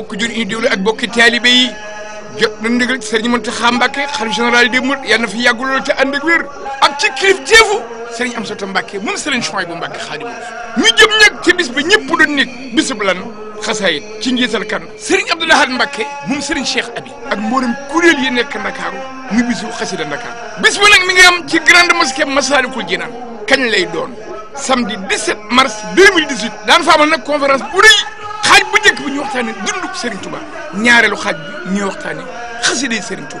bokk jur ñu déglu ak bokki taalibe yi jot nañu ndigal ci sëriñ Mountakha Mbacké xalifa général des mourides yal na fi yàgg lool te ànd ak wér ak ci kilif teefu sëriñ Amsatu Mbacké moom sëriñ Chouaïbou Mbacké Khadimou ñu jëm nag ci bis bi ñëpp doon nekk bisub lan xasaayit ci njiital kan sëriñ Abdou Lahad Mbacké moom sëriñ Cheikh Abi ak mboolem kuréel yi nekk Ndakaaru muy bisu xasida Ndakaar bis bi nag mi ngi am ci grande mosquée Massalikul Jinaan kañ lay doon samedi 17 mars xaaj bu njëkk bi ñu waxtaanee dundub Serigne Touba ñaareelu xaaj bi ñuy waxtaanee xasida Serigne yi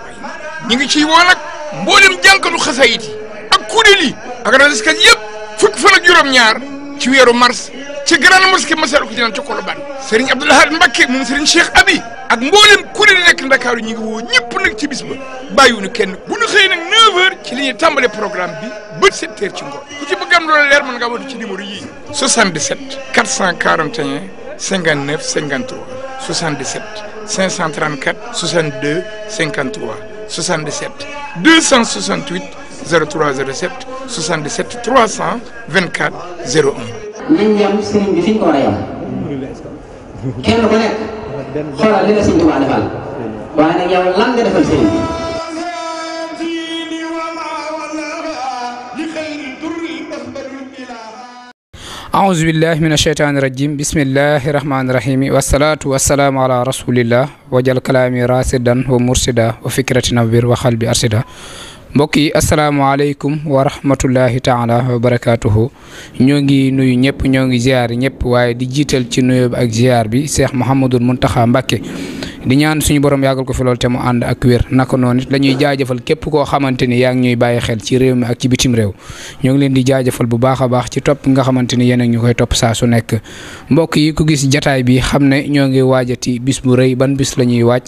ñu ngi ciy woo nag mboolem jànkatu xasaayit yi ak kuréel yi ak rajiskat yëpp fukk fan ak juróom-ñaar ci weeru mars ci grande mosquée Massalikul Jinaan ci Colobane Serigne Abdoul Ahad Mbacké moom Serigne Cheikh Abi ak mboolem kuréel yi Ndakaaru ñu ngi woo ñëpp nag ci bis ba bàyyiwuñu kenn bu ñu xëy nag 9h ci li ñuy tàmbale programme bi bët 7 ci ngoon ku ci bëgg am loola leer mën ngaa 59 53 77 534 62 53 77 268 03 07 77 324 01. nañ yem sëriñ bi fi ñu ko war a yem kenn ku nekk xoolal li la sëriñ Tuubaa defal waaye nag yow lan nga defal sëriñ bi. aouzu billahi min asheytaani rajim bismillahi rahmaani rahimi wasalaatu wasalaamu ala wajal kalaami rasidan wa mursida wa fikrati nawbir wa xalbi arsida mbokk yi asalaamaaleykum wa rahmatullahi taala ngi nuyu ñëpp ñoo ngi ziar ñëpp waaye di jiital ci nuyoo bi ak ziar bi Cheikh Mouhamadul Mountakha Mbacké di ñaan suñu borom yàggal ko fi lool te mu ànd ak wér naka noonu it la jaajëfal képp koo xamante ni yaa ngi ñuy bàyyi xel ci réew mi ak ci bitim réew ñoo ngi leen di jaajëfal bu baax a baax ci topp nga xamante ni yéen a ñu koy topp saa su nekk mbokk yi ko gis jataay bi xam ne ñoo ngi waajati bis bu rëy ban bis la ñuy waaj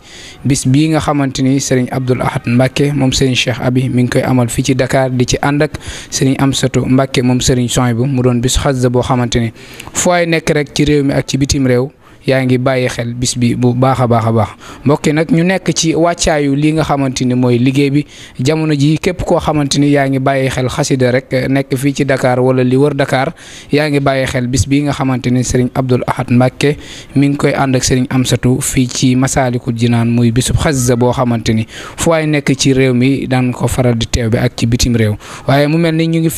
bis bii nga xamante ni sëriñ Abdoul Ahad Mbacke moom sëriñ Cheikh Abi mi ngi koy amal fii ci dakaar di ci ànd ak sëriñ Amsatu Mbacke moom sëriñ Soñ bu mu doon bis xasida boo xamante ni foo nekk rek ci réew mi ak ci bitim réew yaa ngi bàyyi xel bis bi bu baax a baax a baax mbokk yi nag ñu nekk ci wàccaayu li nga xamante ni mooy liggéey bi jamono ji képp koo xamante ni yaa ngi bàyyi xel xasida rek eh, nekk fii ci dakaar wala li wër dakaar yaa ngi bàyyi xel bis bi nga xamante ni Serigne Abdoul Ahad Mbacké mi ngi koy ànd ak Serigne Amsatou fii ci Masaalikul naan muy bisub xasida boo xamante ni fu waay nekk ci réew mi daan ko faral di teew bi ak ci bitim réew waaye mu mel ni ñu ngi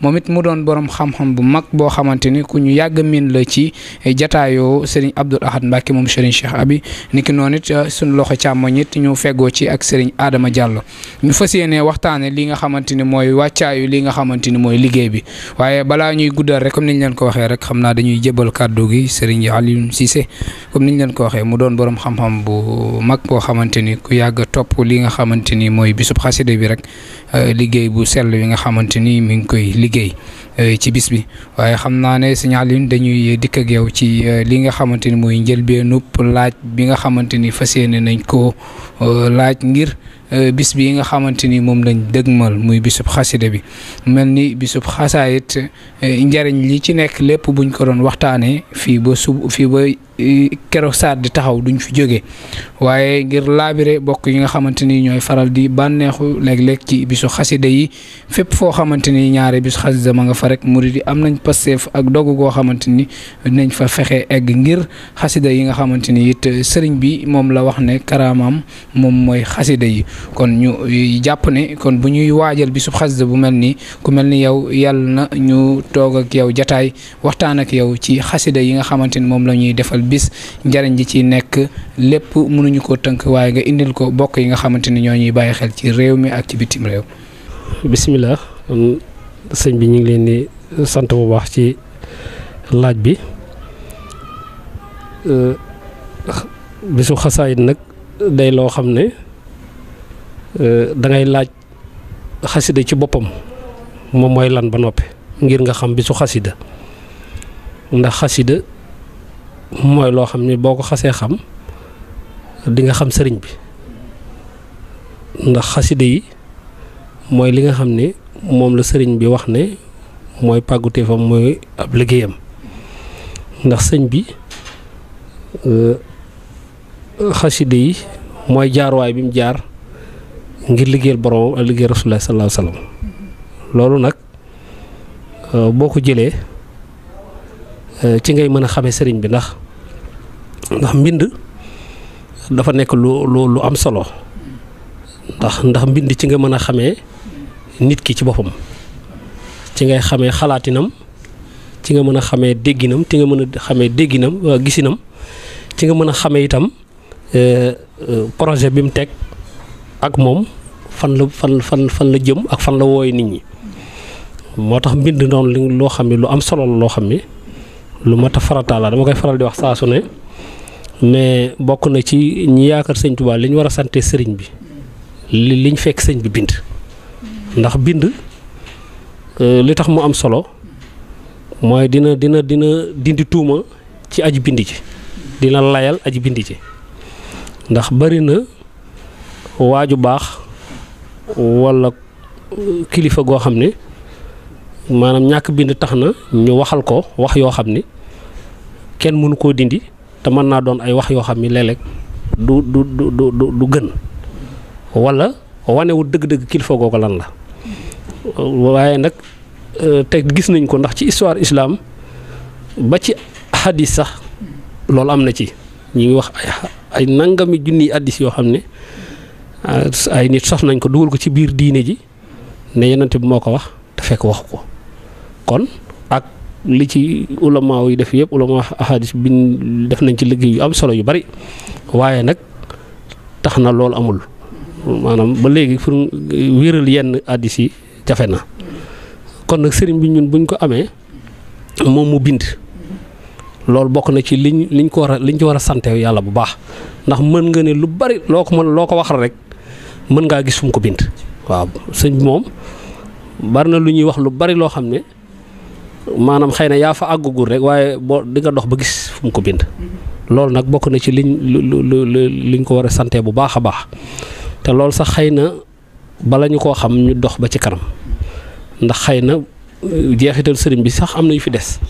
moom it mu doon borom xam-xam bu mag boo xamante ni ku ñu yàgg miin la ci eh, jataayoo Serigne Abdoul Ahad Mbacke moom Serigne Cheikh Abi niki noonu it eh, loxo càmmoñ it ñu feggoo ci ak Serigne Adama Diallo ñu fas yéenee waxtaane li nga xamante ni mooy wàccaayu li xamante ni mooy liggéey bi waaye balaa ñuy guddal rek comme niñ leen ko waxee rek xam naa dañuy jébal gi Serigne Alioune Cissé comme niñ leen ko waxee mu doon borom xam bu mag boo xamante ni ku yàgg topp li nga xamante ni mooy bisub xasida bi rek eh, liggéey bu sell bi nga xamante ni mi ngi koy liggéey euh, ci bis bi waaye xam naa ne sëñ Alioune dañuy dikk ak ci euh, li nga xamante ni mooy njëlbeenub laaj bi nga xamante ni fas yéene nañ ko euh, laaj ngir bis bi nga xamante ni moom lañ dëgmal muy bisub xasida bi mel ni bisub xasaayit njariñ li ci nekk lépp buñ ko doon waxtaanee fii ba sub fii ba keroog saat di taxaw duñ fi jóge waaye ngir laabire bokk yi nga xamante ni ñooy faral di bànneexu léeg-léeg ci bisu xasida yi fépp foo xamante ni ñaare bisu xasida ma nga fa rek murid yi am nañ passeef ak dogu goo xamante ni nañ fa fexe egg ngir xasida yi nga xamante ni it sëriñ bi moom la wax ne karaamaam moom mooy xasida yi kon ñu e, jàpp ne kon bu ñuy waajal bisu xasida bu mel ni ku mel ni yow yàlla na ñu toog ak yow jataay waxtaan ak yow ci xasida yi nga xamante ni moom la ñuy defal bis njariñ ji ci nekk lépp mënuñu koo tënk waaye nga indil ko bokk yi nga xamante ni ñoo ñuy bàyyi xel ci réew mi ak ci bitim réew. bisimilah sëñ bi ñu ngi leen di sant bu baax ci laaj bi euh, bisu xasaayit nag day loo xam ne euh, da ngay laaj xasida ci boppam moom mooy lan ba noppi ngir nga xam bisu xasida ndax xasida mooy loo xam ni boo ko xasee xam dinga xam sëriñ bi ndax xaside yi mooy li nga xam ni moom la sëriñ bi wax ne mooy pàgguteefam mooy ab liggéeyam ndax sëñ bi euh, xaside yi mooy jaaruwaay bi mu jaar ngir liggéeyal boromam ak liggéeyal rasulullah sallallahu loolu nag euh, boo ko jëlee euh, ci ngay mën a xamee sëriñ bi ndax ndax mbind dafa nekk lu lu am solo ndax ndax mbind ci nga mën a xamee nit ki ci boppam ci ngay xamee xalaatinam ci nga mën a xamee dégginam ci nga mën a xamee dégginam euh, gisinam ci nga mën a xame itam euh, euh, projet bi mu teg ak moom fan la fan fan fan la jëm ak fan la wooye nit ñi moo tax mbind noonu loo xam ne lu am solo la loo xam ne lu mat a farataal la dama koy faral di wax saa su ne. ne bokk na ci ñi yaakaar sëñ Tuubaa li war a sante sëriñ bi li liñ fekk sëñ bi bind ndax bind euh, li tax mu am solo mooy dina dina dina dindi tuuma ci aji bind ji dina layal aji bind ji ndax bari na waaju baax walla euh, kilifa goo xam ne maanaam ñàkk bind tax na ñu waxal ko wax yoo xam ne kenn mënu koo dindi te mën naa doon ay wax yoo xam ni léeg-léeg du du du du du gën wala wanewul dëgg-dëgg kilifa googu lan la waaye nag e, te gis nañ ko ndax ci histoire islaam ba ci hadis sax loolu am na ci ñu ngi wax ay ay nangami junniy hadis yoo xam ne ay nit sos nañ ko dugal ko ci biir diine ji ne yonent bi moo ko wax te fekk wax ko kon. li ci ulama yi def yëpp ulama ahadis bi def nañ ci liggéey yu am solo yu bari waaye nag tax na loolu amul maanaam ba léegi pour wéeral yenn hadis yi jafe na kon nag sëriñ bi ñun buñ ko amee moom mu bind loolu bokk na ci liñ liñ ko war a liñ ci war a sante yàlla bu baax ndax mën nga ne lu bari loo ko mën loo ko waxal rek mën ngaa gis ko bind waaw sëñ moom bari na lu ñuy wax lu bari loo xam ne maanaam xëy na yaa fa àgg àggugul rek waaye boo di dox ba gis fu mu ko bind. lool nag bokk na ci li lu lu liñ ko war a sante bu baax a baax te loolu sax xëy na bala ñu koo xam ñu dox ba ci kanam ndax xëy na euh, jeexital sëriñ bi sax am na yu fi des.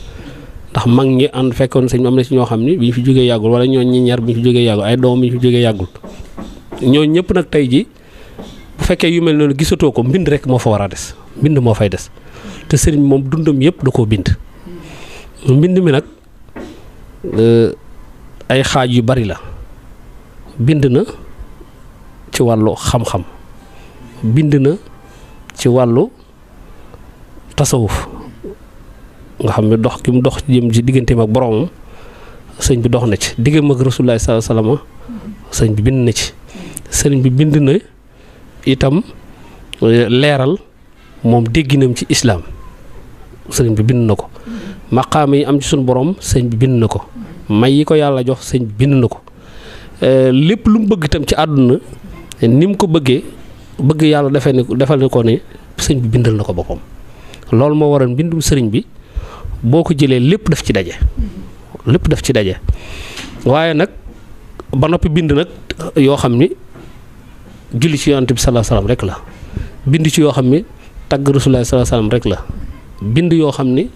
ndax mag ñi ànd fekkoon sëñ am na ci ñoo xam ni bi ñu fi jógee yàggul wala ñoo ñi ñaar bi ñu fi jógee yàggul ay doom bi ñu fi jógee yàggul ñoo ñëpp nag tey ji bu fekkee yu mel noonu gisatoo ko mbind rek moo fa war a des mbind moo fay des. te sëriñ moom dundam yëpp du koo bind. mbind mi nag euh, ay xaaj yu bari la bind na ci wàllu xam-xam bind na ci wàllu tasawuf nga xam ne dox ki mu dox jëm ci digganteem ak boroomam sëñ bi dox na ci diggam ak Rasulullah sallallahu alayhi sëñ bi bind na ci sëriñ bi bind na itam euh, leeral moom dégginam ci islaam sëriñ bi bind na ko maqaama yi am ci suñ borom sëñ bi bind na ko may yi ko yàlla jox sëñ bi bind na ko euh, lépp lu mu bëgg itam ci àdduna ni mu ko bëggee bëgg yàlla defee ne defal ne ko ne sëñ bi bindal na ko boppam loolu moo waral mbindum sëriñ bi boo ko jëlee lépp daf ci daje lépp daf ci daje waaye nag ba noppi bind nag yoo xam ni julli ci yonante bi salaa salaam rek la bind ci yoo xam ni tagg rasulaay salaa salaam rek la bind yoo xam ni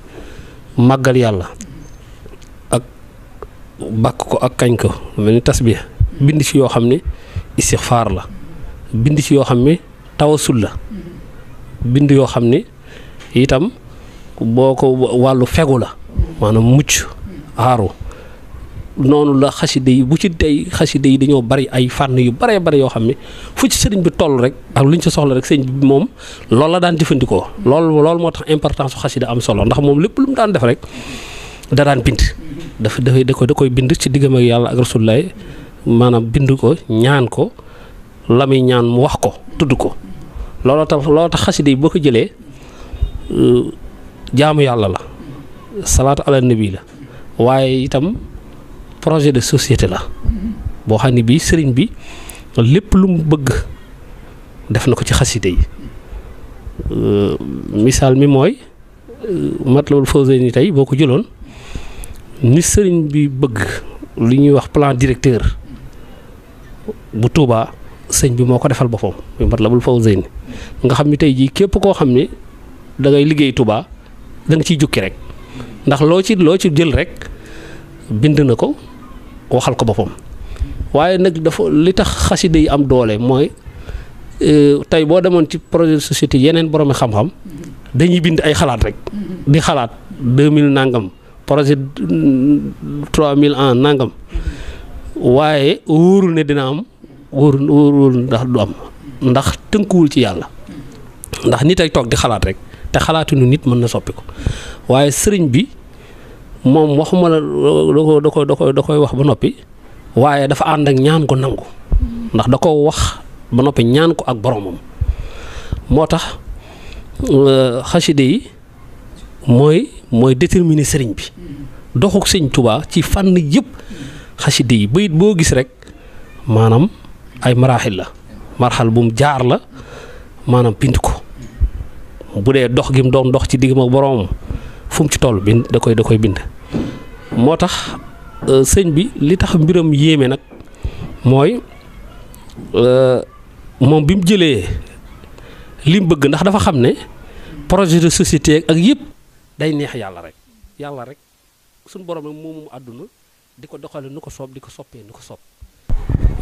màggal yàlla ak bàkk ko ak kañ ko mel ni tasbiya bind ci yoo xam ni istixfaar la bind ci yoo xam ni tawasul la bind yoo xam ni itam boo ko wàllu fegu la maanaam mucc aaru noonu la xasida yi bu ci tey xasida yi dañoo bari ay fànn yu baree bari yoo xam ne fu ci sëriñ bi toll rek ak lu ñu ci soxla rek sëriñ bi moom loolu la daan jëfandikoo lool loolu moo tax importance su xasida am solo ndax moom lépp lu mu daan rek da daan bind dafay da ko da koy bind ci diggam ak yàlla ak rasulaay maanaam bind ko ñaan ko la muy ñaan mu wax ko tudd ko looloo tax looloo tax xasida yi boo ko jëlee euh, jaamu yàlla la salaatu ala nabi la waaye itam projet de société la boo xam ne bii sëriñ bi lépp lu mu bëgg def na ko ci xaside yi euh, misaal mi mooy euh, Matlabul Fawzayni tey boo ko jëloon ni sëriñ bi bëgg li ñuy wax plan directeur bu Touba sëñ bi moo ko defal boppam muy Matlabul Fawzayni nga xam ni tey jii képp koo xam ni dangay liggéey Touba da nga ciy jukki rek ndax loo ci loo ci jël rek bind na ko waxal ko boppam waaye nag dafa li tax xasida yi am doole mooy e, tey boo demoon ci projet de société yeneen boromi xam-xam dañuy bind ay xalaat rek di xalaat deux mille nangam projet trois mille un nangam waaye wóorul ne dina am wóorul wóorul ndax du am ndax tënkuwul ci yàlla ndax nit ay toog di xalaat rek te xalaatinu nit mën na soppi ko waaye sëriñ bi moom waxuma la da ko da ko da koy wax ba noppi waaye dafa ànd ak ñaan ko nangu ndax da ko wax ba noppi ñaan ko ak boromam moo tax euh, xaside yi mooy mooy déterminer sëriñ bi doxuk sëñ tubaa ci fànn yépp xaside yi bayit boo gis rek maanaam ay maraaxil la marxal bu mu jaar la maanaam bind ko bu dee dox gi mu doon dox ci diggam ak boromam fu ci toll bind da koy da koy bind moo tax euh, sëñ bi li tax mbiram yéeme nag mooy euh, moom bi mu jëlee li mu bëgg ndax dafa xam ne projet de société ak yëpp day neex yàlla rek yàlla rek suñu borom rek moomu àdduna di ko doxale nu ko soob di ko soppee nu ko soob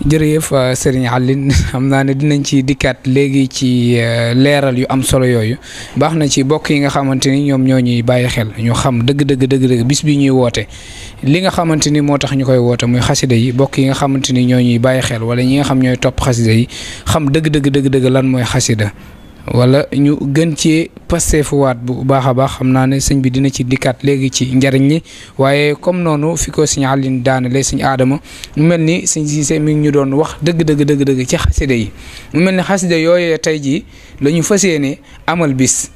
jërëjëf euh, Serigne Aline xam naa ne dinañ ci dikkaat léegi ci euh, leeral yu am solo yooyu baax na ci bokk yi nga xamante ni ñoom ñoo ñuy bàyyi xel ñu xam dëgg dëgg dëgg bis bi ñuy woote li nga xamante ni moo tax ñu koy woote muy xasida yi bokk yi nga xamante ni ñoo ñuy bàyyi xel wala ñi nga xam ñooy topp xasida yi xam dëgg dëgg dëgg dëgg lan mooy xasida wala ñu gën cee pasteefuwaat bu baax a baax xam naa ne sëñ bi dina ci dikkaat léegi ci njariñ li waaye comme noonu fi ko sëñ Alioune daanale sëñ aadama mu mel ni sëñ Cissé mi ngi ñu doon wax dëgg dëgg dëgg dëgg ci xasida yi mu mel ni xasida yooyee tey jii lañu ñu fas yéene amal bis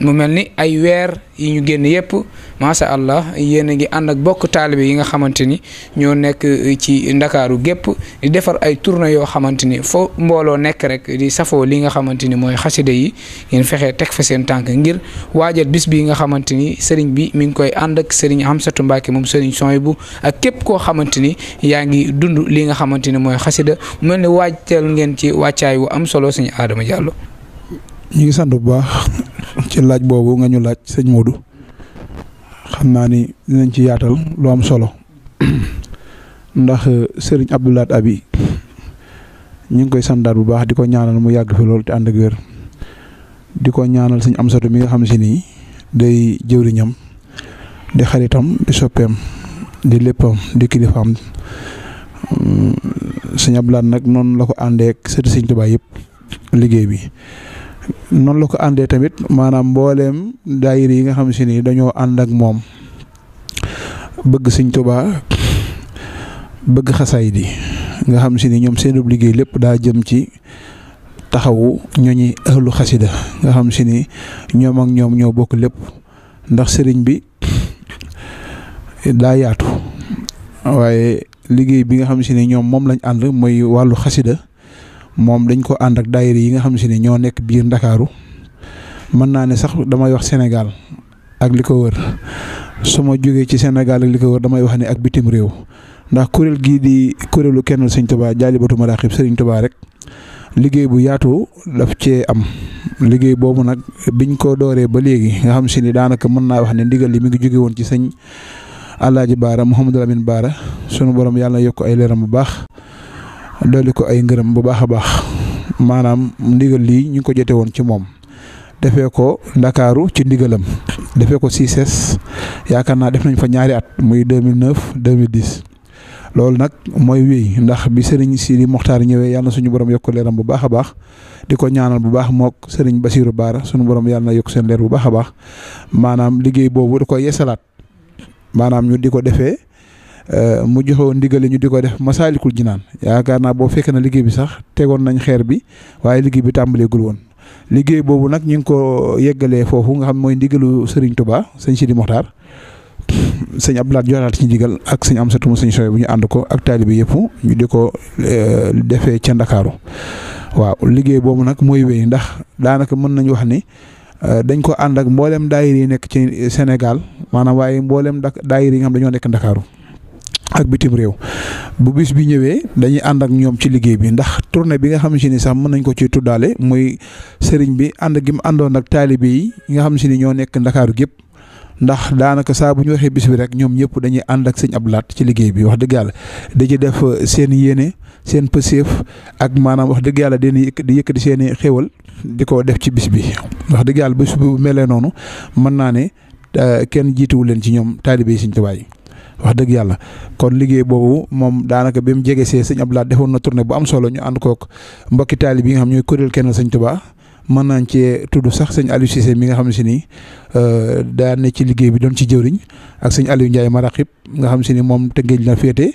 mu mel ni ay weer yi ñu génn yëpp macha allah yéen a ngi ànd ak bokk taalibe yi nga xamante ni ñoo nekk eh, ci ndakaaru gépp di defar ay tournée yoo xamante ni foo mbooloo nekk rek di safoo li nga xamante ni mooy xasida yi ngeen fexe teg fa seen tànk ngir waajal bis bi nga xamante ni sëriñ bi mi ngi koy ànd ak sëriñ Amsatu Mbàkke moom sëriñ Sohaybu ak képp koo xamante ni yaa ngi dund li nga xamante ni mooy xasida mu mel ni ngeen ci wàccaay wu am solo suñu Adama Diallo. ñu ngi sant bu baax. ci laaj boobu nga ñu laaj sëñ Modou xam naa ni dinañ ci yaatal lu am solo ndax euh, sëriñ Abdou Lahad Abi ñu ngi koy sandaat bu baax di ko ñaanal mu yàgg fi loolu te ànd ak wér di ko ñaanal sëñ Amsatu mi nga xam si nii day jëwriñam di xaritam di soppeem di léppam di kilifaam mm, sëñ Abdou Lahad nag noonu la ko àndeek ak sëriñ Tuubaa yëpp liggéey bi noonu la ko àndee tamit maanaam mbooleem daayir yi nga xam si ni dañoo ànd ak moom bëgg sëñ Tuubaa bëgg xasaay di nga xam si ni ñoom seen liggéey lépp daa jëm ci taxawu ñooñi ahlu xasida nga xam si ni ñoom ak ñoom ñoo bokk lépp ndax sëriñ bi daa yaatu waaye liggéey bi nga xam si ni ñoom moom lañ ànd mooy wàllu xasida moom dañ ko ànd ak daayira yi nga xam si ne ñoo nekk biir ndakaaru mën naa ne sax damay wax Sénégal ak li ko wër su ma jógee ci Sénégal ak li ko wër damay wax ne ak bitim réew ndax kuréel gii di kuréelu kennal sëñ Tuubaa jaalibatu maraaxib sëriñ Tuubaa rek liggéey bu yaatu daf cee am liggéey boobu nag biñ ko dooree ba léegi nga xam si ni daanaka mën naa wax ne ndigal li mi ngi jóge woon ci sëñ Alaaji Baara Mouhamadou Lamine Baara sunu borom yàlla na yokk ay leeram bu baax dooli ko ay ngërëm bu baax a baax maanaam ndigal lii ñu ko jote woon ci moom defee ko ndakaaru ci ndigalam defee ko CICES e yaakaar naa def nañ fa ñaari at muy 2009 2010 loolu nag mooy wéy ndax bi sëriñ Sidi Mokhtar ñëwee yàlla na suñu borom yokk leeram bu baax a baax di ko ñaanal bu baax moog sëriñ Basiirou Baara suñu borom yàlla na yokk seen leer bu baax a baax maanaam liggéey boobu di ko yeesalaat maanaam ñu di ko defee. Euh, mu joxewoon ndigale ñu di ko def masaalikul jinaan yaakaar naa boo fekkee na liggéey bi sax tegoon nañ xeer bi waaye liggéey bi tàmbaleegul woon liggéey boobu nag ñu ngi ko yeggalee foofu nga mooy ndigalu Serigne Touba sëñ Sidi Mokhtar sëñ Abdoulaye ci ndigal ak sëñ Amsatou sëñ Sow bu ñu ànd ko ak taalibe yëpp ñu di ko euh, defee ca Ndakaaru waaw liggéey boobu nag mooy wéy ndax daanaka mën nañu wax ni euh, dañ ko ànd ak mboolem daayir yi nekk ci Sénégal maanaam waaye mboolem daayir yi nga xam dañoo nekk Ndakaaru ak bitim réew bu bis bi ñëwee dañuy ànd ak ñoom ci liggéey bi ndax tournée bi nga xam si ni sax mën nañ ko ci tuddaale mooy sëriñ bi ànd gi mu àndoon ak taalibe yi nga xam si ni ñoo nekk ndakaaru gépp ndax daanaka saa bu ñu waxee bis bi rek ñoom ñëpp dañuy ànd ak sëñ ab laat ci liggéey bi wax dëgg yàlla di ci def seen yéene seen pëseef ak maanaam wax dëgg yàlla di yëkkati seen i xéwal di ko def ci bis bi wax dëgg yàlla bis bu melee noonu mën naa ne eh, kenn jiituwu leen ci ñoom taalibe yi sëñ yi wax dëgg yàlla kon liggéey boobu moom daanaka bi mu jege see sëñ ab Lahad defoon na tournée bu am solo ñu ànd kook mbokki taali bi nga xam ñooy kuréel kenn sëñ Tuubaa mën nañ cee tudd sax sëñ Aliou Cissé mi nga xam ne si nii euh, daan na ci liggéey bi doon ci jëwriñ ak sëñ Aliou Ndiaye Maraqib nga xam si ni moom tëggéej la féete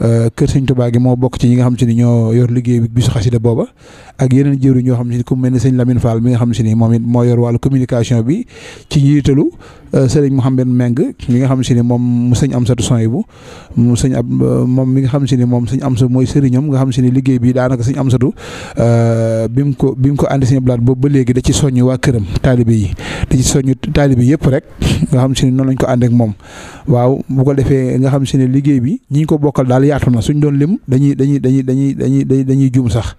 euh, kër sëñ Tuubaa gi moo bokk ci ñi nga xam si ni ñoo yor liggéey bi bisu xasida booba ak yeneen jëwri ñoo xam si ni ku mel ni sëñ Lamine Fall mi nga xam si moom moo yor wàllu communication bi euh, mi nga xam si ni moom mu sëñ Amsatu Soyibu mu sëñ ab moom mi nga xam si ni moom sëñ Amsa mooy sëriñam nga xam si ni liggéey bi daanaka sëñ Amsatu euh, bi mu ko bi mu ko àndi sëñ blaat boobu ba léegi da ci soññ waa këram taalibe yi da ci soññ taalibe yëpp rek nga xam si ni noonu lañ ko ànd ak moom waaw bu ko defee nga xam si ne liggéey bi ñi ko bokkal daal yaatu na suñ doon lim dañuy dañuy dañuy dañuy dañuy dañuy juum sax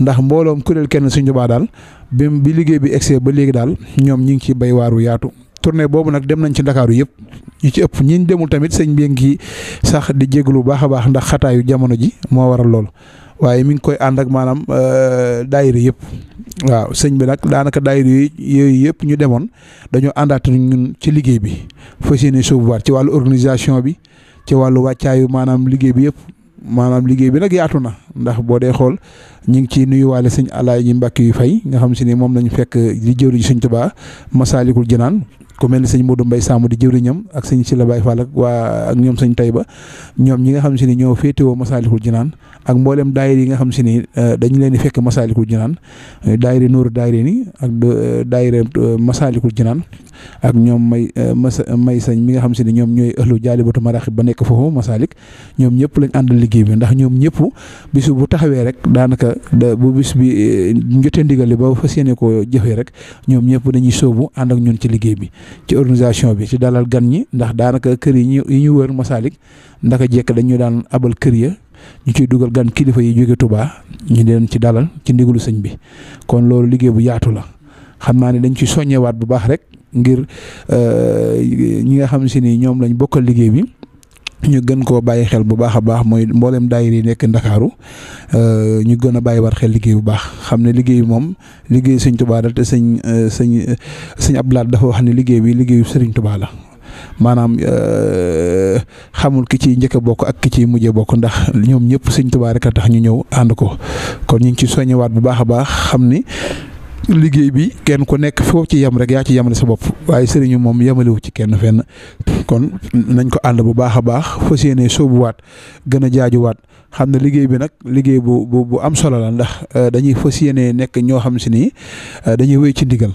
ndax mbooloom kuréel kenn suñ tubaa daal bi bi liggéey bi egsee ba léegi daal ñoom ñi ngi ci bay waaru yaatu tournée boobu nag dem nañ ci ndakaaru yëpp ñu ci ëpp ñi demul tamit sëñ bi ngi sax di jéglu bu baax a baax ndax xataayu jamono ji moo waral lool waaye mi ngi koy ànd ak maanaam euh, daayira yëpp waaw sëñ bi nag daanaka daayira yooyu yëpp ñu demoon dañoo àndaat ñun ci liggéey bi fas yéene sóobuwaat ci wàllu organisation bi ci wàllu wàccaayu maanaam liggéey bi yëpp maanaam liggéey bi nag yaatu na ndax boo dee xool ñu ngi ci waale sëñ Alaaji Mbàkke yu fay nga xam si ni moom lañu fekk di jëwriñ sëñ Tuubaa Masaalikul Jinaan ku mel ni sëñ Modou Mbaye Samb di jëwriñam ak sëñ Sylla Baye Fall ak waa ak ñoom sañ sëñ ba ñoom ñi nga xam ni ñoo féetewoo Masaalikul Jinaan ak mboolem daayir yi nga xam si ni euh, dañu leen di fekk Masaalikul Jinaan daayir Nuuru daayir ni ak euh, daayir euh, Masaalikul Jinaan ak ñoom may may sañ mi nga xam si ne ñoom ñooy ëllu jaalibatu maraaxib ba nekk foofu Masalik ñoom ñëpp lañ àndal liggéey bi ndax ñoom ñëpp bisu bu taxawee rek daanaka da bu bis bi njotee ndigal li ba fas yéene koo jëfee rek ñoom ñëpp dañuy sóobu ànd ak ñun ci liggéey bi ci organisation bi ci dalal gan ñi ndax daanaka kër yi ñu yi ñu wër Masalik ndaka jekk dañu daan abal kër ya ñu ciy dugal gan kilifa yi jóge Touba ñu leen ci dalal ci ndigalu sëñ bi kon loolu liggéey bu yaatu la xam naa ne dañ ci soññewaat bu baax rek ngir euh, ñi nga xam si ni ñoom lañ bokkal liggéey bi. ñu gën koo bàyyi xel bu baax a baax mooy mboolem daayir yi nekk ndakaaru euh, ñu gën a bàyyi war xel liggéey bu baax xam ne liggéey moom liggéey sëñ tubaa sëñ euh, sëñ sëñ Abdou Lahad dafa wax ne liggéey bi liggéeyu sëriñ tubaa la maanaam euh, xamul ki ci njëkk bokk ak ki ciy mujjee bokk ndax ñoom ñëpp sëñ tubaa rek a tax ñu ñëw ànd ko kon ñu ngi ci soññewaat bu baax a baax xam ni liggéey bi kenn ku nekk foo ci yem rek yaa ci yemale sa bopp waaye sëriñu moom yemalewu ci kenn fenn kon nañ ko ànd bu baax a baax fas yéene sóobuwaat gën a jaajuwaat xam ne liggéey bi nag liggéey bu bu bu am solo la ndax euh, dañuy fas yéene nekk ñoo xam si ni euh, dañuy wéy ci ndigal.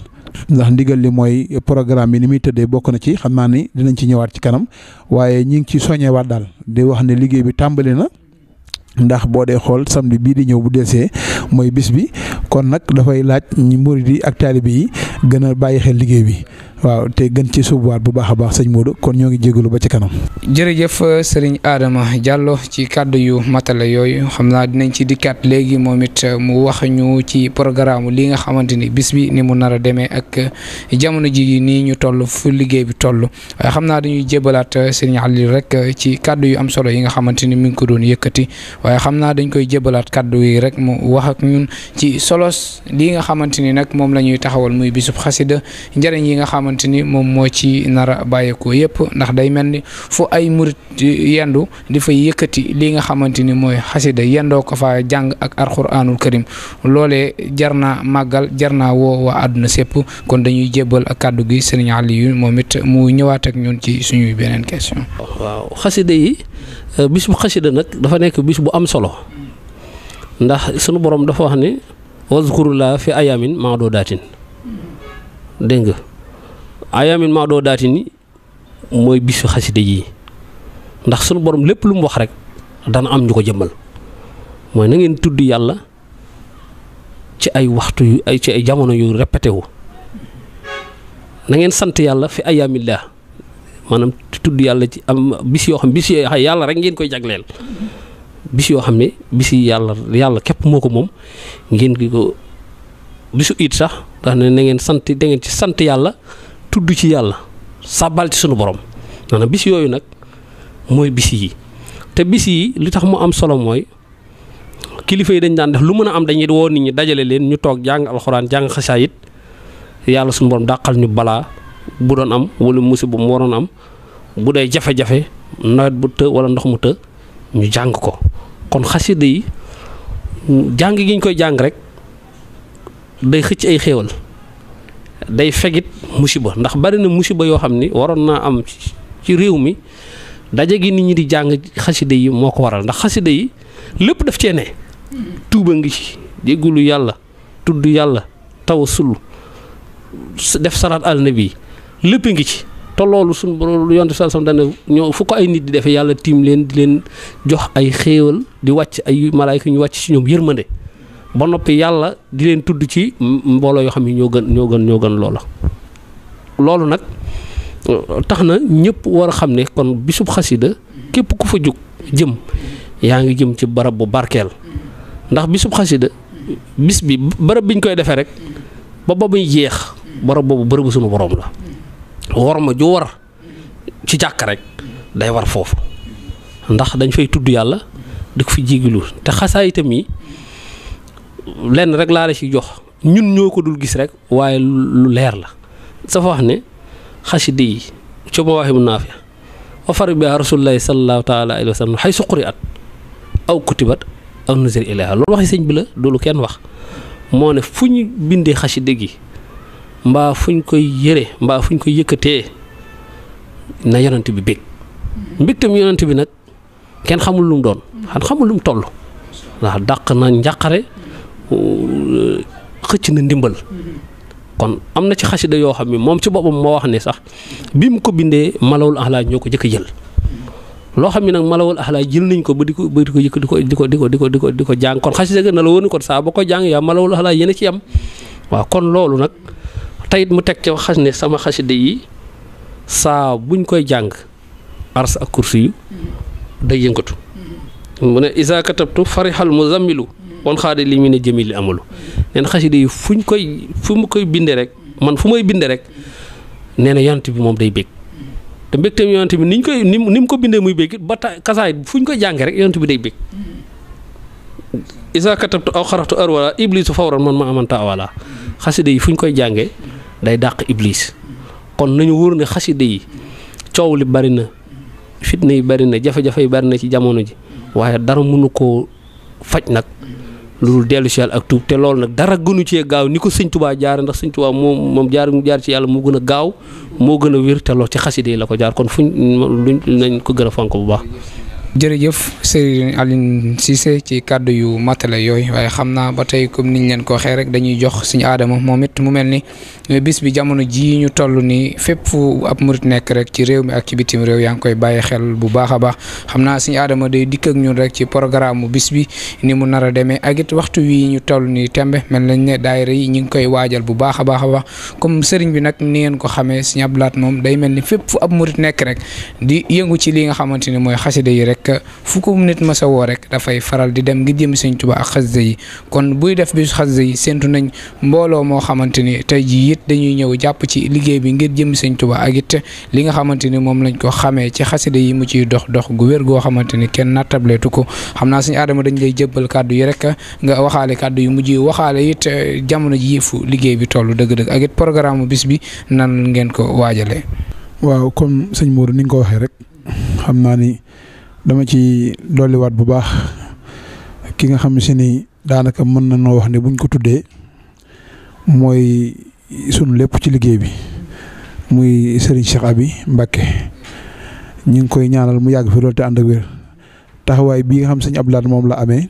ndax ndigal li mooy programme bi ni muy tëddee bokk na ci xam naa ni dinañ ci ñëwaat ci kanam waaye ñi ngi ci soñewaat daal di wax ne liggéey bi tàmbali na. ndax boo dee xool samedi bii di ñëw bu desee mooy bis bi kon nag dafay laaj ñi murid yi ak taalibe yi gën a bàyyi xel liggéey bi waaw te gën ci suubuwaat bu baax a baax sëñ Modou kon ñoo ngi jégalu ba ci kanam. jërëjëf euh, sëriñ Adama jàlloo ci kàddu yu matale yooyu xam naa dinañ ci dikkaat léegi moom it euh, mu wax ñu ci programme li nga xamante ni bis bi ni mu nar a demee ak euh, jamono ji nii ñu toll fu liggéey bi toll xam naa dañuy jébalaat sëriñ Aliou rek ci kàddu yu am solo yi nga xamante ni mi ngi ko doon yëkkati waaye xam naa dañ koy jébalaat kàddu yi rek mu wax ak ñun ci solos li nga xamante ni nag moom lañuy taxawal muy bisub xasida njëriñ yi nga xamante xamante ni moom moo ci nara a bàyyeekoo yëpp ndax day mel ni fu ay murit yendu di fay yëkkati li nga xamante ni mooy xasida yendoo ko fa jàng ak alxuraanul karim loolee jar naa màggal jar naa woo waa àdduna sépp kon dañuy jébbal ak kàddu gi sëriñ Aliou moom it mu ñëwaat ak ñun ci suñuy beneen question. waaw xasida yi euh, bis bu xasida nag dafa nekk bis bu am solo ndax sunu borom dafa wax ni wazkurullah fi ayamin maadudaatin dégg nga ayaamin doo daati ni mooy bisu xasida yi ndax sunu boroom lépp lu mu wax rek dana am ñu ko jëmmal mooy na ngeen tudd yàlla ci ay waxtu yu ay ci ay jamono yu répété wu na sant yàlla fi ayaamillah maanaam tudd yàlla ci am bis yoo xam bis yoo yàlla rek ngeen koy jagleel bis yoo xam ne bisi yàlla yàlla képp moo ko moom ngeen gi ko bisu it sax ndax na ngeen sant dangeen ci sant yàlla tudd ci yàlla sàbbal ci sunu borom maanaam bis yooyu nag mooy bis yi te bis yi li tax mu am solo mooy kilifa yi dañ daan def lu mën a am dañuy woo nit ñi dajale leen ñu toog jàng alxuraan jàng xasaayit yàlla sunu borom dàqal ñu balaa bu doon am wala bu mu waroon am bu dee jafe-jafe nawet bu të wala ndox mu të ñu jàng ko kon xasida yi jàng gi ñu koy jàng rek day xëcc ay xéewal day fegit musiba ndax bari na musiba yoo xam ni waroon naa am ci réew mi daje gi nit ñi di jàng xasida yi moo ko waral ndax xasida yi lépp daf cee ne tuuba ngi ci jéggulu yàlla tudd yàlla tawasul def salaat al nabi lépp ngi ci te loolu suñ lu yonte sa sam dana ñoo fu ko ay nit di defee yàlla tiim leen di leen jox ay xéewal di wàcc ay malaayka ñu wàcc ci ñoom yërmande ba noppi yàlla di leen tudd ci mbooloo yoo xam ne ñoo gën ñoo gën ñoo gën loola loolu nag euh, tax na ñëpp war a xam ne kon bisub xasida képp ku fa jóg jëm yaa ngi jëm ci barab bu barkeel ndax bisub xasida bis bi barab biñ koy defee rek ba ba muy jeex barab boobu bërëbu sunu borom la war ma ju war ci jàkk rek day war foofu ndax dañ fay tudd yàlla di ko fi jigilu te xasaa itam yi lenn rek laa la ci jox ñun ñoo ko dul gis rek waaye lu leer la dafa wax ne xasida yi ci mawaahibu naafi wa far bi rasulullahi sallallahu taala alayhi wa sallam xay suquri at aw kutibat aw nuzir ilaha loolu waxi sëñ bi la doolu kenn wax moo ne fu ñu bindee xasida gi mbaa fu ñu koy yére mbaa fu ñu koy yëkkatee na yonent bi bég mbégtam yonent bi nag kenn xamul lum doon xan xamul lu mu toll ndax na njàqare xëcc na ndimbal kon am na ci xasida yoo xam ne moom ci boppam moo wax ne sax bi mu ko bindee malawul axlaaj ñoo ko jëkk jël loo xam ne nag malawul axlaaj jël nañ ko ba di ko ba di ko yëkk di ko di ko di ko di ko jàng kon xasida ga na malawul axlaaj yéen a ci am waaw kon loolu nag tayit mu teg ci xas ne sama xasida yi saa buñ koy jàng ars ak kursi yu day yëngatu mu ne isa katabtu farihal muzammilu wal xaade li mu ne jëmi li amul neen xasida yi ñu koy fu mu koy bindee rek man fu may bindee rek nee na yonent bi moom day bég te mbégteem yonent bi niñ koy ni ni mu ko bindee muy bég ba ta kasaay fuñ koy jàngee rek yonent bi day bég isa katabtu aw xaraxtu arwala iblisu fawran man ma amanta awala xasida yi fuñ koy jànge day dàq iblis kon nañu wóor ne xasida yi coow li bari na fitna yi bari na jafe yi bari na ci jamono ji waaye dara mënu koo faj nag loolu dellu si yàlla ak tuub te loolu nag dara gënu cee gaaw ni ko sëñ tubaa jaare ndax sëñ tubaa moom moom jaar mu jaar ci yàlla moo gën a gaaw moo gën a wér te loolu ci xaside yi la ko jaar kon fuñ luñ nañ ko gën a fonk bu baax jërëjëf Serigne Alioune Cissé ci kàddu yu matale yooyu waaye xam naa ba tey comme niñ leen ko waxee rek dañuy jox suñu aadama moom it mu mel ni bis bi jamono jii ñu toll ni fépp fu ab murit nekk rek ci réew mi ak ci bitim réew yaa ngi koy bàyyi xel bu baax a baax xam naa suñu aadama day dikk ak ñun rek ci programme mu bis bi ni mu nar a demee ak it waxtu wi ñu toll ni tembe mel nañ ne daayira yi ñu ngi koy waajal bu baax a baax a baax comme Serigne bi nag ni ngeen ko xamee suñu ablaat moom day mel ni fépp fu ab murit nekk rek di yëngu ci li nga xamante ni mooy xasida yi rek que fu ko nit ma sa woo rek dafay faral di dem ngir jëm sëñ tuba ak xasida yi kon buy def bi xasida yi séntu nañ mbooloo moo xamante ni tey jii it dañuy ñëw jàpp ci liggéey bi ngir jëm sëñ tuba ak it li nga xamante ni moom lañ ko xamee ci xasida yi mu ciy dox dox gu wér goo xamante ni kenn nattableetu ko xam naa suñu aadama dañ lay jëbbal kàddu yi rek nga waxaale kàddu yu mujj waxaale it eh, jamono ji fu liggéey bi toll dëgg-dëgg ak it programme bis bi nan ngeen ko waajalee. waaw comme sëñ ni ko waxee rek dama ci dolliwaat bu baax ki nga xam si ni daanaka mën na noo wax ne buñ ko tuddee mooy sunu lépp ci liggéey bi muy Serigne Cheikh Abi Mbacke ñu ngi koy ñaanal mu yàgg fi loolu te ànd ak wér taxawaay bii nga xam sëñ Abdou Lahad moom la amee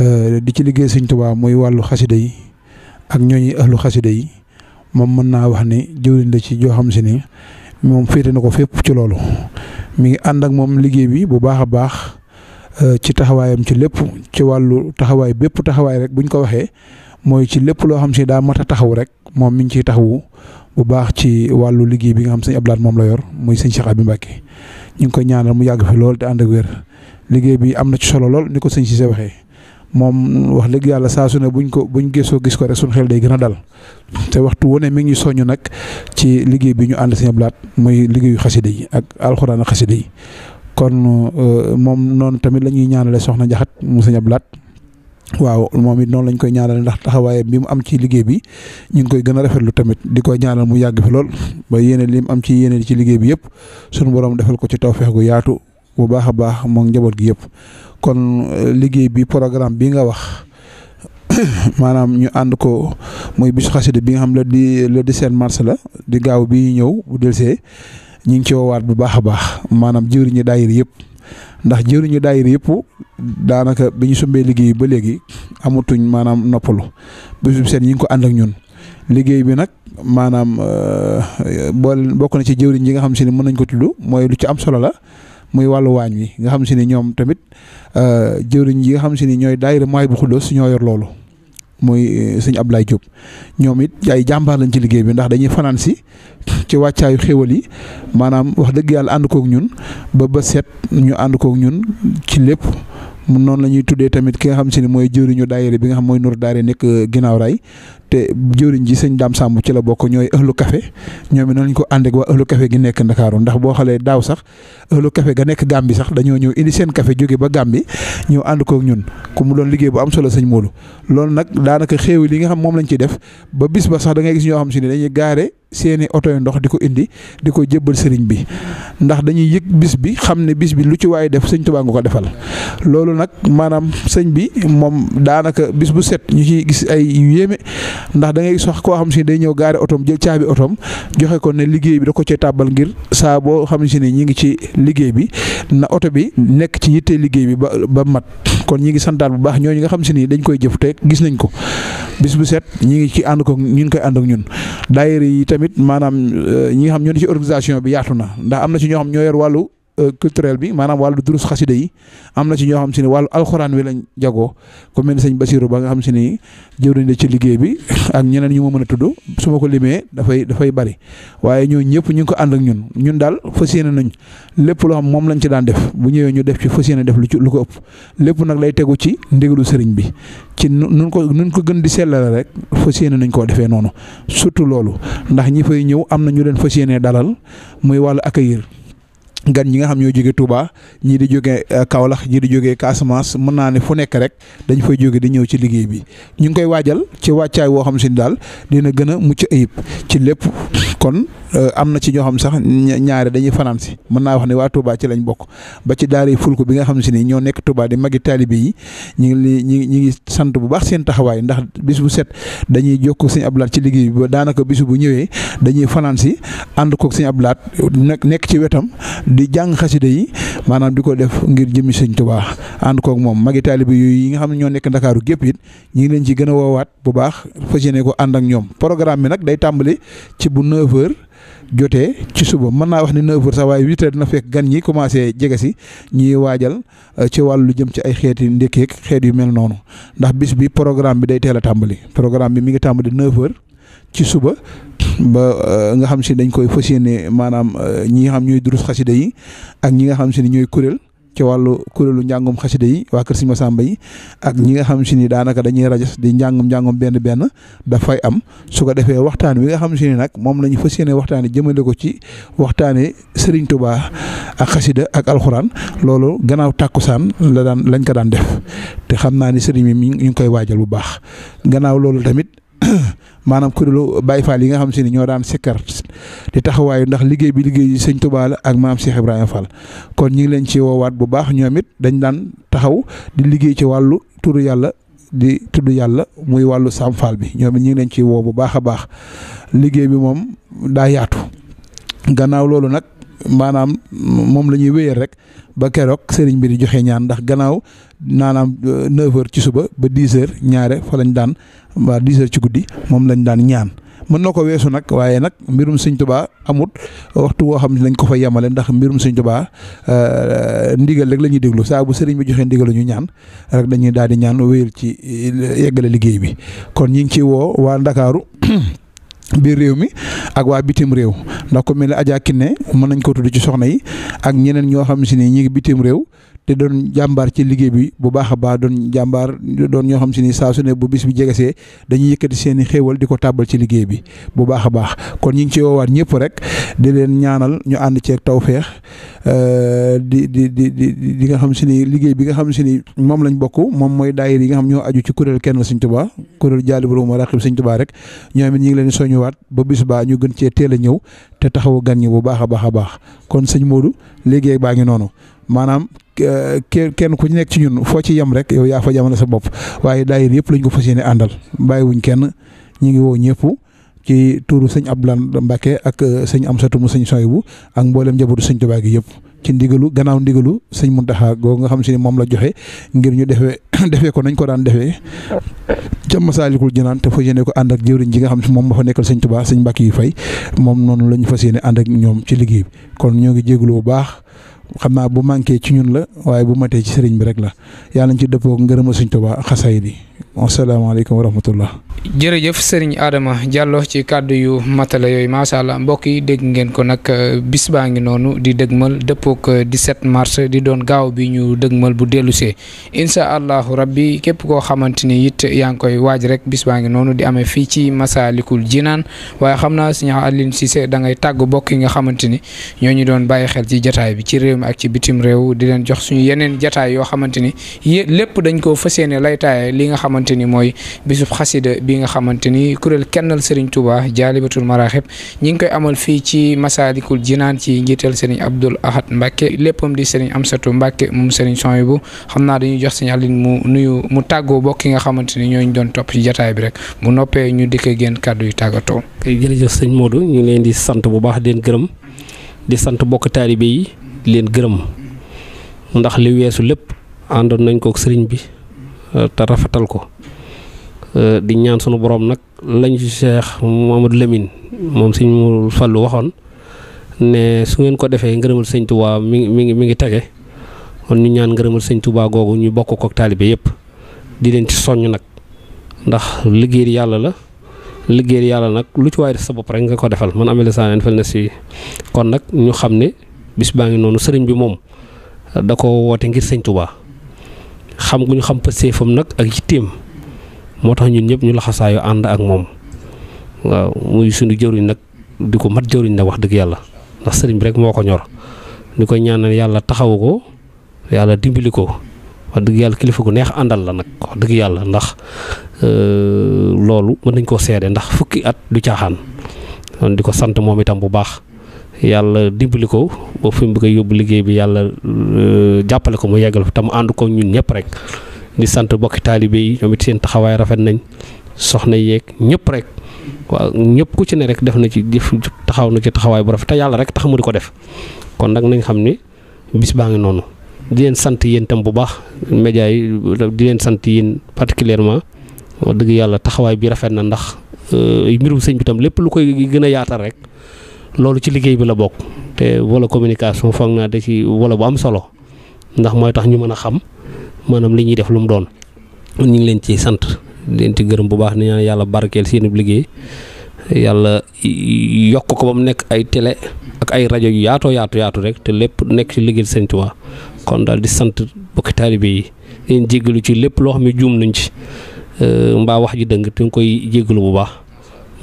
euh, di ci liggéey sëñ Tuubaa muy wàllu xasida yi ak ñooñu ahlu xasida yi moom mën naa wax ni jëwriñ la ci joo xam si ni moom féete na ko fépp ci loolu mi ngi ànd ak moom liggéey bi bu baax a baax euh, ci taxawaayam ci lépp ci wàllu taxawaay bépp taxawaay rek buñ ko waxee mooy ci lépp loo xam si daa mat a taxaw rek moom mi ngi ciy taxawu bu baax ci wàllu liggéey bi nga xam sëñ Abdou moom la yor muy sëñ Cheikh bi Mbacké ñu ngi koy ñaanal mu yàgg fi lool te ànd ak wér liggéey bi am na ci solo lool ni ko sëñ Cissé waxee. moom wax dëgg yàlla saa su ne buñ ko buñ gëstoo gis ko rek suñ xel day gën a dal te waxtu wu ne mi ngi ñu nag ci liggéey bi ñu ànd seen blaat muy liggéeyu xasida yi ak alxuraan xasida yi kon euh, moom noonu tamit la ñuy ñaanale soxna Njaxate mu sëñ Ablaat waaw moom it noonu lañ koy ñaanal ndax taxawaaye bi mu am ci liggéey bi ñu ngi koy gën a rafetlu tamit di koy ñaanal mu yàgg fi lool ba yéene li mu am ci yeneen ci liggéey bi yëpp sunu borom defal ko ci tawfeex gu yaatu bu baax a baax moom njaboot gi yëpp kon euh, liggéey bi programme bii nga wax maanaam ñu ànd ko mooy bisu xasida bi nga xam la di le 17 la di gaaw bi ñëw bu delsee ñu ngi ci woowaat bu baax a baax maanaam jëwriñu daayira yëpp ndax jëwriñu daayira yëpp daanaka bi ñu sumbee liggéey ba léegi amatuñ maanaam noppalu bisu seen ñu ngi ko ànd ak ñun liggéey bi nag maanaam euh, boole bokk na ci jëwriñ yi nga xam si ne mën nañ ko tudd mooy lu ci am solo la muy wàllu waañ wi nga xam si ni ñoom tamit euh, jëwriñ yi nga xam si ni ñooy daayira mooy bu xuddos ñoo yor loolu muy euh, sëñ laay Diop ñoom it ay jàmbaar lañ ci liggéey bi ndax dañuy fanaan si ci wàccaayu xéwal yi maanaam wax dëgg yàlla ànd kook ñun ba ba set ñu ànd kook ñun ci lépp noonu la ñuy tuddee tamit ki nga xam si ni mooy jëwriñu daayira bi nga xam mooy nur daayira nekk euh, ginnaaw raay te jëwriñ ji sëñ daam Samb ci la bokk ñooy ëllu kafe ñoom it noonu ko ànd ak waa ëllu café gi nekk Ndakaaru ndax boo xalee daaw sax ëllu café ga nekk bi sax dañoo ñëw indi seen kafe jóge ba bi ñëw ànd kook ñun ku mu doon liggéey bu am solo sëñ Moolu loolu nag daanaka xéew li nga xam moom lañ ci def ba bis ba sax dangay ngay gis ñoo xam si ne dañuy gaare seeni oto yu ndox di ko indi di ko jébbal sëriñ bi ndax dañuy yëg bis bi xam ne bis bi lu ci waaye def sëñ Tuubaa nga ko defal loolu nag maanaam sëñ bi moom daanaka bis bu set ñu ci gis ay yéeme ndax da ngay sax koo xam si day ñëw gaari otoom jël caabi otoom joxe kon ne liggéey bi da ko cee tàbbal ngir saa boo xam si ne ngi ci liggéey bi na oto bi nekk ci yitte liggéey bi ba ba mat kon ñi ngi santaat bu baax ñooñu nga xam si nii dañ koy jëf te gis nañ ko bis bu set ñi ngi ci ànd ko ñu ngi koy ànd ak ñun daayira yi tamit maanaam euh, ñi nga xam ñoo ci organisation bi yaatu na ndax am na ci ñoo xam ñoo yor wàllu Euh, culturel bi maanaam wàllu durus xasida yi am na ci ñoo xam si ne wàllu alxuraan wi lañ jago ku mel ni ba nga xam si ni jëwriñ la ci liggéey bi ak ñeneen ñu ma mën a tudd suma ko limee dafay dafay bari waaye ñoo ñëpp ñu ngi ko ànd ak ñun ñun daal fas yéene nañ lépp loo xam moom lañ ci daan def bu ñëwee ñu def ci fas yéene def lu ci lu ko ëpp lépp nag lay tegu ci ndigalu sëriñ bi ci nun ko nun ko gën di sellale rek fas yéene nañ koo defee noonu surtout loolu ndax ñi fay ñëw am na ñu leen fas yéene dalal muy wàllu accueillir gan ñi nga xam ñoo jóge Touba ñii di jóge eh, Kaolack ñii di jóge Casamance mën naa ne fu nekk rek dañ fay jóge di ñëw ci liggéey bi ñu ngi koy waajal ci wàccaay woo xam si daal dina gën mucc ayib ci lépp kon eh, am na ci ñoo xam sax ñaare dañuy fanaan si mën naa wax ne waa Touba ci lañ bokk ba ci daara fulku bi nga xam ni ñoo nekk Touba di magi taalibe yi ñu ngi ñu ngi ñu ngi sant bu baax seen taxawaay ndax bis bu set dañuy jokk Sëñ Abdou ci liggéey bi ba daanaka bu ñëwee dañuy fanaan si ànd koog Sëñ Abdou Lahad nekk ci wetam di jàng xasida yi maanaam di ko def ngir jëmmi sëñ Tuubaa ànd kook moom magi taalibe yooyu yi nga xam ne ñoo nekk ndakaaru gépp it ñu ngi leen ci gën a woowaat bu baax fas yéene ko ànd ak ñoom programme bi nag day tàmbali ci bu 9h jotee ci suba mën naa wax ne 9h sax waaye 8h dina fekk gan ñi commencé jege si ñuy waajal euh, ci wàllu jëm ci ay xeeti ndékkeek xeet yu mel noonu ndax bis bi programme bi day teel a tàmbali programme bi mi ngi tàmbali 9h ci suba ba euh, nga xam si dañ koy fas yéene maanaam euh, ñi nga xam ñooy durus xasida yi ak ñi nga xam si ni ñooy kuréel ci wàllu kuréelu njàngum xasida yi waa Kër Sëñ Masamba yi ak ñi nga xam si ni daanaka dañuy rajos di njàngum njàngum benn benn fay am su ko defee waxtaan wi nga xam si ni nag moom la ñu fas yéene waxtaanee jëmale ko ci waxtaanee Serigne Touba ak xasida ak alxuraan loolu gannaaw tàkkusaan la daan lañ ko daan def te xam naa ni Serigne mi ñu ngi koy waajal bu baax gannaaw loolu tamit. maanaam kuréelu Baye Fall yi nga xam si ni ñoo daan sikkar di taxawaayu ndax liggéey bi liggéey yi sëñ ak maam Cheikh Ibrahima Fall kon ñu ngi leen ci woowaat bu baax ñoomit it dañ daan taxaw di liggéey ci wàllu turu yàlla di tudd yàlla muy wàllu Sam Fall bi ñoom it ñu ngi leen ci woo bu baax a baax liggéey bi moom daa yaatu gannaaw loolu nag maanaam moom la ñuy wéyal rek ba keroog sëriñ bi di joxe ñaan ndax gannaaw naanaam 9 euh, ci suba ba 10h ñaare fa lañ daan waa 10 ci guddi moom lañ daan ñaan. mën na ko weesu nag waaye nag mbirum sëñ Tuubaa amut waxtu woo xam ne dañ ko fa yemale ndax mbirum sëñ Tuubaa euh, ndigal rek la ñuy déglu saa bu sëriñ bi joxe ndigal ñu ñaan rek dañuy daal di ñaan wéyal ci euh, yeggale liggéey bi kon ñi ngi ci woo waa Ndakaaru biir réew mi ak waa bitim réew ndax ko mel ne Adja Kiné mën nañ ko tudd ci soxna yi ak ñeneen ñoo xam si ni ñi ngi bitim réew te doon jàmbaar ci liggéey bi bu baax a baax doon jàmbaar doon ñoo xam si ni saa su ne bu bis bi jegesee dañuy yëkkati seen i xéewal di ko tàbbal ci liggéey bi bu baax a baax kon ñi ngi ci woowaat ñëpp rek di leen ñaanal ñu ànd ceeg tawféex euh, di di di di di nga xam si ni liggéey bi nga xam si ni moom lañ bokk moom mooy daayir yi nga xam ñoo aju ci kuréel kenn Sëñ Tuubaa kuréel Jaalibul Maraqib Sëñ Tuubaa rek ñoom it ñu ngi leen ñëwaat ba bis baa ñu gën cee teel a ñëw te taxawu gan ñi bu baax a baax a baax kon sëñ Modou liggéey baa ngi noonu maanaam eh, kenn ku nekk ci ñun foo ci yem rek yow yaa fa jamono sa bopp waaye daayir yëpp lañ ko fas yéene àndal wuñ kenn ñu ngi woo ñëpp ci tuuru sëñ Abdoulaye Mbacke ak eh, sëñ Amsatou mu sëñ Soyibu ak mboolem njabootu sëñ Tuubaa gi yëpp. ci ndigalu gannaaw ndigalu sëñ Muntaxa googu nga xam si ne moom la joxe ngir ñu defee defee ko nañ ko daan defee ca Masaalikul Jinaan te fas yéene ko ànd ak jëwriñ ji nga xam si moom ma fa nekkal sëñ Tuubaa sëñ Mbàkke yu fay moom noonu la ñu fas yéene ànd ak ñoom ci liggéey bi kon ñoo ngi jégalu bu baax xam naa bu manqué ci ñun la waaye bu matee ci sëriñ bi rek la yàlla nañ ci dëppoo ngërëma sëñ Tuubaa xasay bi asalaamaaleykum wa rahmatullah jërëjëf sëriñ Adama Diallo ci kàddu yu matala yooyu macha allah mbokk yi dégg ngeen ko nag euh, bis baa ngi noonu di dëgmal dëppook 17 euh, mars di doon gaaw bi ñu dëgmal bu dellusee incha allahu rabbi képp koo xamante ni it yaa ngi koy waaj rek bis baa ngi noonu di amee fii ci Masaalikul Jinaan waaye xam naa sëriñ Alioune Cissé da ngay tàgg bokk yi nga xamante ni ñoo ñu doon bàyyi xel ci jataay bi ci réew mi ak ci bitim réew di leen jox suñu yeneen jataay yoo xamante ni xamante ni mooy bisub xasida bi nga xamante ni kuréel kennal Serigne Touba jaalibatul maraaxib ñi ngi koy amal fii ci Masaalikul Jinaan ci njiital Serigne Abdoul Ahad Mbacke léppam di Serigne Amsatou Mbacke moom Serigne Sohibou xam naa dañuy jox Serigne mu nuyu mu tàggoo bokk yi nga xamante ni ñooñu doon topp ci jataay bi rek bu noppee ñu dikk génn kàddu yu tàggatoo. kay jërëjëf sëñ Modou ñu ngi leen di sant bu baax di leen gërëm di sant bokk taalibe yi leen gërëm ndax li weesu lépp àndoon nañ ko ak sëriñ bi te rafetal ko Euh, di ñaan sunu borom nag lañ ci Cheikh Mamadou Lamine moom sëñ mu Fallu waxoon ne su ngeen ko defee ngërëmal sëñ Tuubaa mi ngi mi ngi mi ngi tege kon ñu ñaan ngërëmal sëñ Tuubaa googu ñu bokk kook taalibe yëpp di leen ci soññ nag ndax liggéey yàlla la liggéey yàlla nag lu ci waay def sa bopp rek nga ko defal man amee la saa leen fal na si kon nag ñu xam ne bis baa ngi noonu sëriñ bi moom da ko woote ngir sëñ xam gu ñu xam pëstéefam nag ak yitteem moo tax ñun ñëpp ñu laxasaayu ànd ak moom waaw muy suñu jëriñ nag di ko mat jëriñ nag wax dëgg yàlla ndax sëriñ bi rek moo ko ñor ni ko ñaanal yàlla taxawu ko yàlla dimbili ko wax dëgg yàlla kilifa gu neex àndal la nag wax dëgg yàlla ndax euh, loolu mën nañ koo seede ndax fukki at du caaxaan di ko sant moom itam bu baax yàlla dimbali ko ba fi mu bëgg a yóbbu liggéey bi yàlla euh, jàppale ko mu yeggal fi tam ànd ko ñun ñëpp rek. di sant bokki taalibe yi ñoom it seen taxawaay rafet nañ soxna yeeg ñëpp rek waaw ñëpp ku ci ne rek def na ci def taxaw na ci taxawaay bu rafet te yàlla rek tax mu ko def kon nag nañ xam ni bis baa ngi noonu di leen sant yéen tam bu baax média yi di leen sant yéen particulièrement wax bi rafet na ndax euh, mbirum sëñ bi tam lépp lu koy gën a yaatal rek loolu ci liggéey bi la bokk te wala communication foog naa da ci wala bu am solo ndax mooy tax ñu mën a xam maanaam li ñuy def lu mu doon ñu ngi leen ci sant leen ci gërëm bu baax ni ñaan yàlla barkeel seenub liggéey yàlla yokk ko ba mu nekk ay tele ak ay rajo yu yaatoo yaatu yaatu rek te lépp nekk ci liggéey Sëñ Tuubaa kon daal di sant bokki taalibe yi ci lépp loo xam ne juum nañ ci euh, mbaa wax ji dëng te nga koy jéggalu bu baax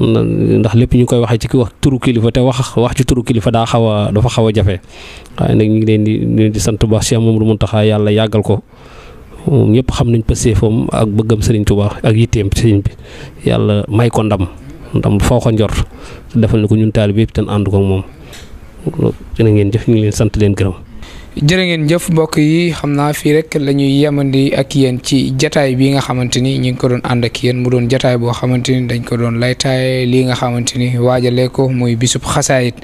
ndax lépp ñu koy waxee ci ki wax turu kilifa te wax wax ci turu kilifa daa xaw a dafa xaw a jafe waaye nag ñu ngi leen di leen di sant bu baax Cheikh Mamadou Mountakha yàlla yàggal ko ñëpp xam nañ pëseefam ak bëggam sëriñ Tuubaa ak yitteem sëriñ bi yàlla may ko ndam ndam foo ko njor defal na ko ñun taal taalibe yëpp te ànd ko ak moom dina ngeen jëf ñu leen sant leen gërëm. jërë ngeen jëf mbokk yi xam naa fii rek la ñuy yemandi ak yéen ci jataay bii nga xamante ni ñu ngi ko doon ànd ak yéen mu doon jataay boo xamante ni dañ ko doon laytaay lii nga xamante ni waajalee ko muy bisub xasaayit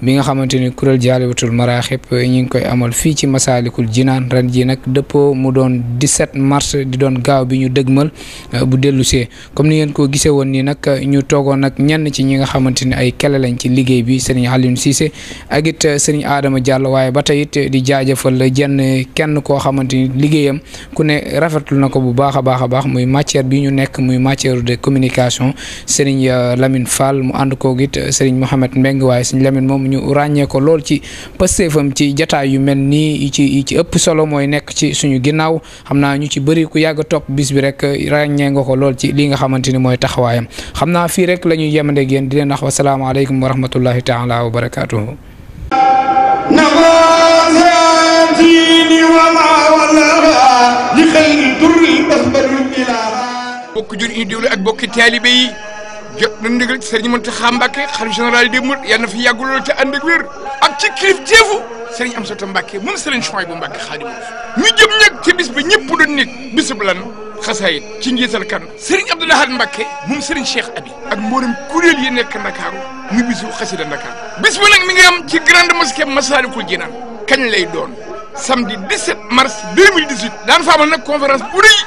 bi nga xamante ni kuréel jaalibatul maraaxib ñu ngi koy amal fii ci masaalikul jinaan ren ji nag dëppoo mu doon 17 mars di doon gaaw bi ñu dëgmal uh, bu dellusee comme ni ngeen ko gisee woon ni nag uh, ñu toogoon nag ñenn ci ñi nga xamante ni ay kele ci liggéey bi sëriñ ñu Cissé ak it uh, sëriñ Adama Diallo waaye ba tey jaajëfal jenn kenn koo xamante ni liggéeyam ku ne rafetlu na ko bu baax a baax a baax muy matière bi ñu nekk muy matière de communication Serigne euh, Lamine Fall mu ànd koo git euh, Serigne Mohamed Mbeng waaye suñ Lamine moom ñu ràññee ko lool ci pësteefam ci jataay yu mel nii ci ci ëpp solo mooy nekk ci suñu ginnaaw xam naa ñu ci bëri ku yàgg topp bis bi rek euh, ràññee nga ko lool ci li nga xamante ni mooy taxawaayam xam naa fii rek la ñuy yemande géen di leen wax wasalaamaaleykum wa rahmatullahi taala wa barakaatuhu المتين وما ولاها لخير در المسبل الإله bokk jur ñu déglu ak bokki taalibe yi jot na ndigal ci Serigne Mountakha Mbacké xalifa général des mourides yal na fi yàgg lool te ànd ak wér ak ci kilif jeefu Serigne Amsata Mbacké moom Serigne Chouaïbou Mbacké Khadimou ñu jëm nag ci bis ba ñëpp doon nekk bisub lan xasaayit ci njiital kan Serigne Abdou Lahad Mbacké moom Serigne Cheikh Abi ak mboolem kuréel yi nekk Ndakaaru muy bisu xasida Ndakaar bis ba nag ngi am ci grande mosquée Massalikul Jinaan kañ lay doon samedi 17 mars 2018 daan fa amal nag conférence bu rëy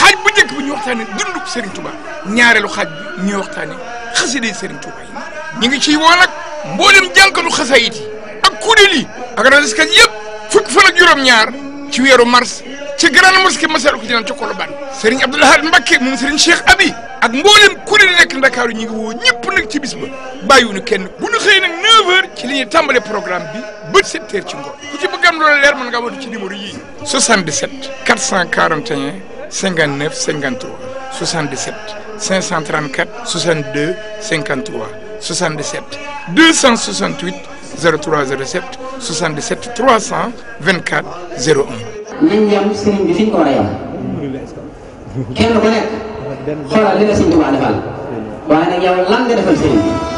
xaaj bu njëkk bi ñu dunduk Serigne Touba ñaareelu xaaj bi ñuy waxtaanee xasida Serigne Touba yi ñu ngi ci woo nag mboolem jànkatu xasaayit yi ak kuréel yi ak rajo yëpp fukki fan ak juróom-ñaar ci weeru mars ci grande mosquée Massalikul Jinaan ci Colobane Serigne Abdoul Ahad Mbacké moom Serigne Cheikh Abi ak mboolem kuréel yi Ndakaaru ñu ngi woo ñëpp nag ci bis ba bàyyiwuñu kenn bu ñu xëy nag li tàmbale programme bi bët 7 gëm lu la leer mën ngaa woote ci numéro yii. 77 441 59 53 77 534 62 53 77 268 03 07 77 324 01. nañ yem sëriñ bi fi ñu ko war a yem kenn ku nekk xoolal li la sëriñ Tuubaa defal waaye nag yow lan nga defal sëriñ bi.